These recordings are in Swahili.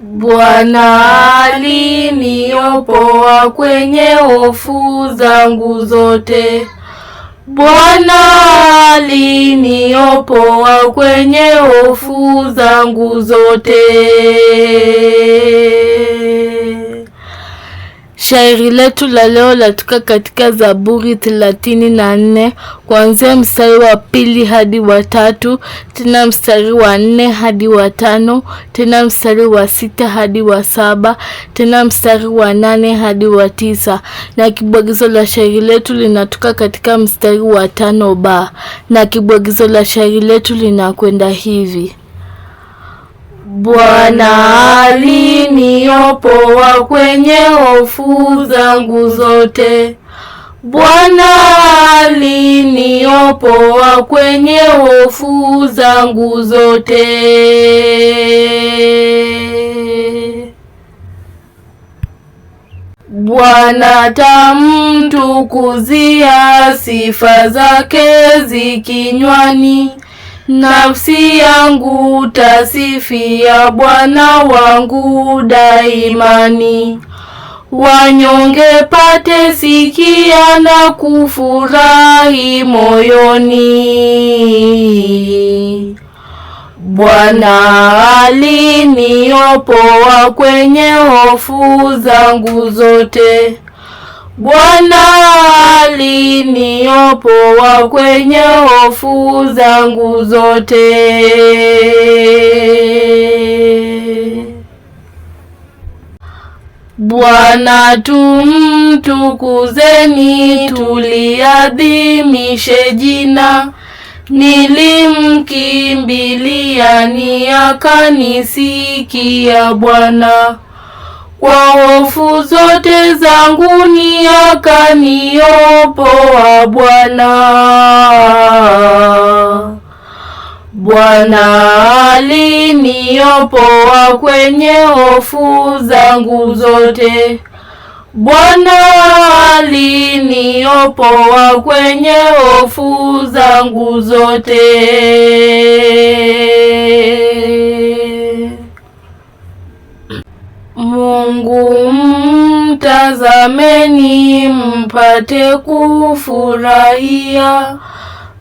Bwana aliniopoa kwenye hofu zangu zote. Bwana aliniopoa kwenye hofu zangu zote. Shairi letu la leo latoka katika Zaburi thelathini na nne kuanzia mstari wa pili hadi wa tatu, tena mstari wa nne hadi wa tano, tena mstari wa sita hadi wa saba, tena mstari wa nane hadi wa tisa, na kibwagizo la shairi letu linatoka katika mstari wa tano ba, na kibwagizo la shairi letu linakwenda hivi: Bwana aliniopoa kwenye hofu zangu zote. Bwana aliniopoa kwenye hofu zangu zote. Bwana tamtukuzia, sifa zake zikinywani Nafsi yangu tasifia Bwana wangu daimani. Wanyonge pate sikia na kufurahi moyoni. Bwana aliniopoa kwenye hofu zangu zote. Bwana alini umeniopoa kwenye hofu zangu zote. Bwana tumtukuzeni, tuliadhimishe jina. Nilimkimbilia ni akanisikia Bwana kwa hofu zote zangu zanguni akaniopoa Bwana. Bwana aliniopoa kwenye hofu zangu zote. Bwana aliniopoa kwenye hofu zangu zote. Tazameni mpate kufurahia,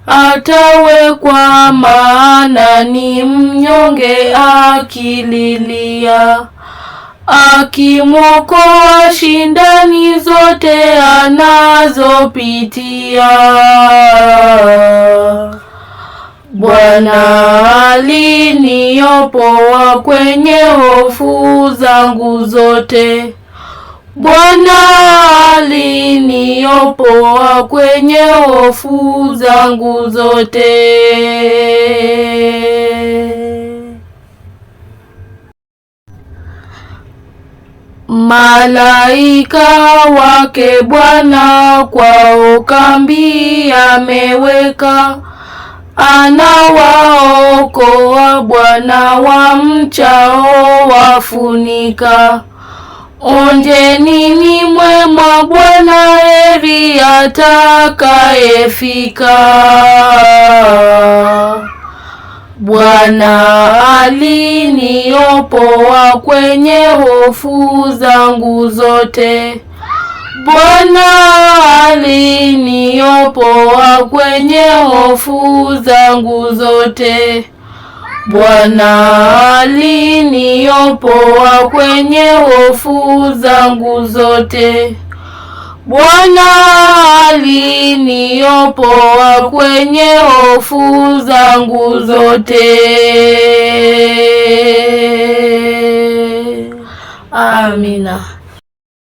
atawekwa maana ni mnyonge akililia, akimwokoa shindani zote anazopitia. Bwana aliniopoa kwenye hofu zangu zote Bwana aliniopoa kwenye hofu zangu zote. Malaika wake Bwana kwao kambi ameweka, anawaokoa Bwana wa mchao wafunika Onjeni mwema Bwana, heri atakayefika. Bwana aliniopoa kwenye hofu zangu zote. Bwana aliniopoa kwenye hofu zangu zote. Bwana aliniopoa kwenye hofu zangu zote. Bwana aliniopoa kwenye hofu zangu zote. Amina.